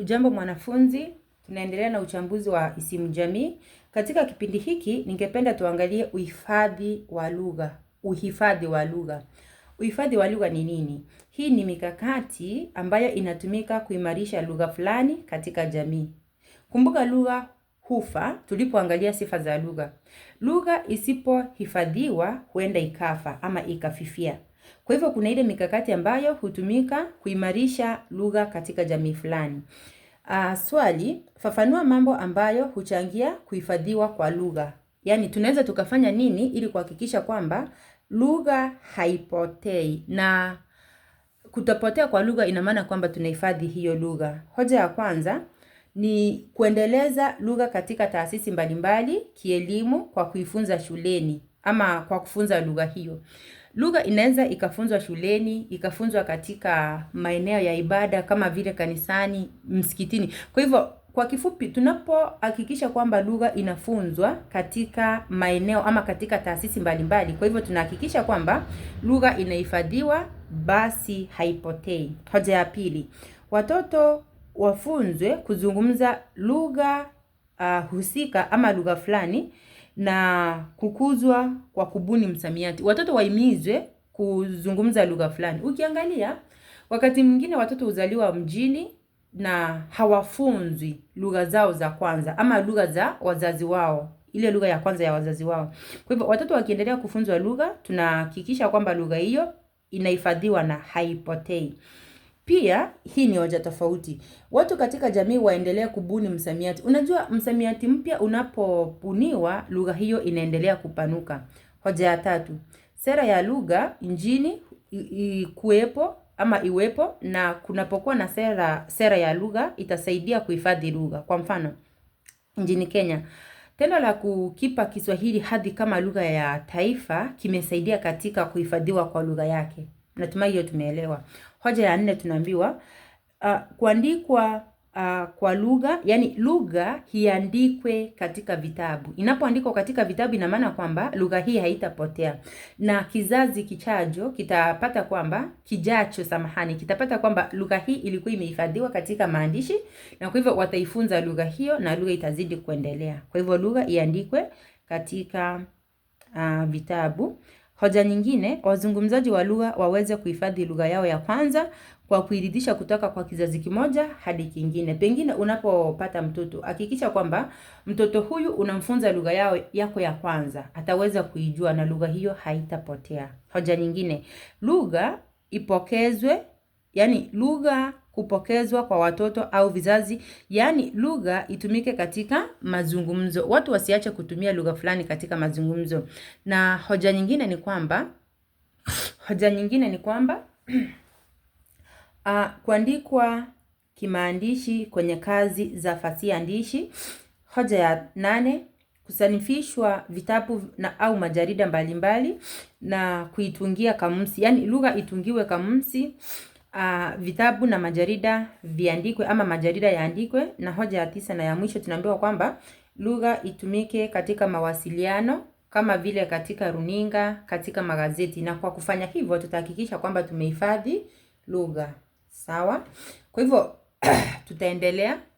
Hujambo mwanafunzi, tunaendelea na uchambuzi wa isimu jamii. Katika kipindi hiki ningependa tuangalie uhifadhi wa lugha. Uhifadhi wa lugha. Uhifadhi wa lugha ni nini? Hii ni mikakati ambayo inatumika kuimarisha lugha fulani katika jamii. Kumbuka lugha hufa tulipoangalia sifa za lugha. Lugha isipohifadhiwa huenda ikafa ama ikafifia. Kwa hivyo kuna ile mikakati ambayo hutumika kuimarisha lugha katika jamii fulani. Uh, swali, fafanua mambo ambayo huchangia kuhifadhiwa kwa lugha. Yaani tunaweza tukafanya nini ili kuhakikisha kwamba lugha haipotei na kutopotea kwa lugha ina maana kwamba tunahifadhi hiyo lugha. Hoja ya kwanza ni kuendeleza lugha katika taasisi mbalimbali kielimu kwa kuifunza shuleni ama kwa kufunza lugha hiyo. Lugha inaweza ikafunzwa shuleni, ikafunzwa katika maeneo ya ibada kama vile kanisani, msikitini. Kwa hivyo kwa kifupi, tunapohakikisha kwamba lugha inafunzwa katika maeneo ama katika taasisi mbalimbali, kwa hivyo tunahakikisha kwamba lugha inahifadhiwa, basi haipotei. Hoja ya pili, watoto wafunzwe kuzungumza lugha uh, husika ama lugha fulani na kukuzwa kwa kubuni msamiati. Watoto waimizwe kuzungumza lugha fulani. Ukiangalia wakati mwingine watoto huzaliwa mjini na hawafunzwi lugha zao za kwanza ama lugha za wazazi wao, ile lugha ya kwanza ya wazazi wao. Kwa hivyo watoto wakiendelea kufunzwa lugha, tunahakikisha kwamba lugha hiyo inahifadhiwa na haipotei. Pia hii ni hoja tofauti. Watu katika jamii waendelea kubuni msamiati. Unajua, msamiati mpya unapobuniwa, lugha hiyo inaendelea kupanuka. Hoja ya tatu, sera ya lugha nchini kuwepo ama iwepo, na kunapokuwa na sera sera ya lugha itasaidia kuhifadhi lugha. Kwa mfano, nchini Kenya tendo la kukipa Kiswahili hadhi kama lugha ya taifa kimesaidia katika kuhifadhiwa kwa lugha yake. Natumai hiyo tumeelewa. Hoja ya nne tunaambiwa uh, kuandikwa uh, kwa lugha, yani lugha hiandikwe katika vitabu. Inapoandikwa katika vitabu, ina maana kwamba lugha hii haitapotea na kizazi kichajo kitapata kwamba kijacho, samahani, kitapata kwamba lugha hii ilikuwa imehifadhiwa katika maandishi, na kwa hivyo wataifunza lugha hiyo na lugha itazidi kuendelea. Kwa hivyo lugha iandikwe katika uh, vitabu. Hoja nyingine, wazungumzaji wa lugha waweze kuhifadhi lugha yao ya kwanza kwa kuiridhisha kutoka kwa kizazi kimoja hadi kingine. Pengine unapopata mtoto, hakikisha kwamba mtoto huyu unamfunza lugha yao yako ya kwanza, ataweza kuijua na lugha hiyo haitapotea. Hoja nyingine, lugha ipokezwe yani lugha kupokezwa kwa watoto au vizazi, yani lugha itumike katika mazungumzo, watu wasiache kutumia lugha fulani katika mazungumzo. Na hoja nyingine ni kwamba hoja nyingine ni kwamba uh, kuandikwa kimaandishi kwenye kazi za fasihi andishi. Hoja ya nane kusanifishwa vitabu na au majarida mbalimbali mbali, na kuitungia kamusi, yani lugha itungiwe kamusi uh, vitabu na majarida viandikwe ama majarida yaandikwe. Na hoja ya tisa na ya mwisho tunaambiwa kwamba lugha itumike katika mawasiliano kama vile katika runinga, katika magazeti, na kwa kufanya hivyo tutahakikisha kwamba tumehifadhi lugha. Sawa, kwa hivyo tutaendelea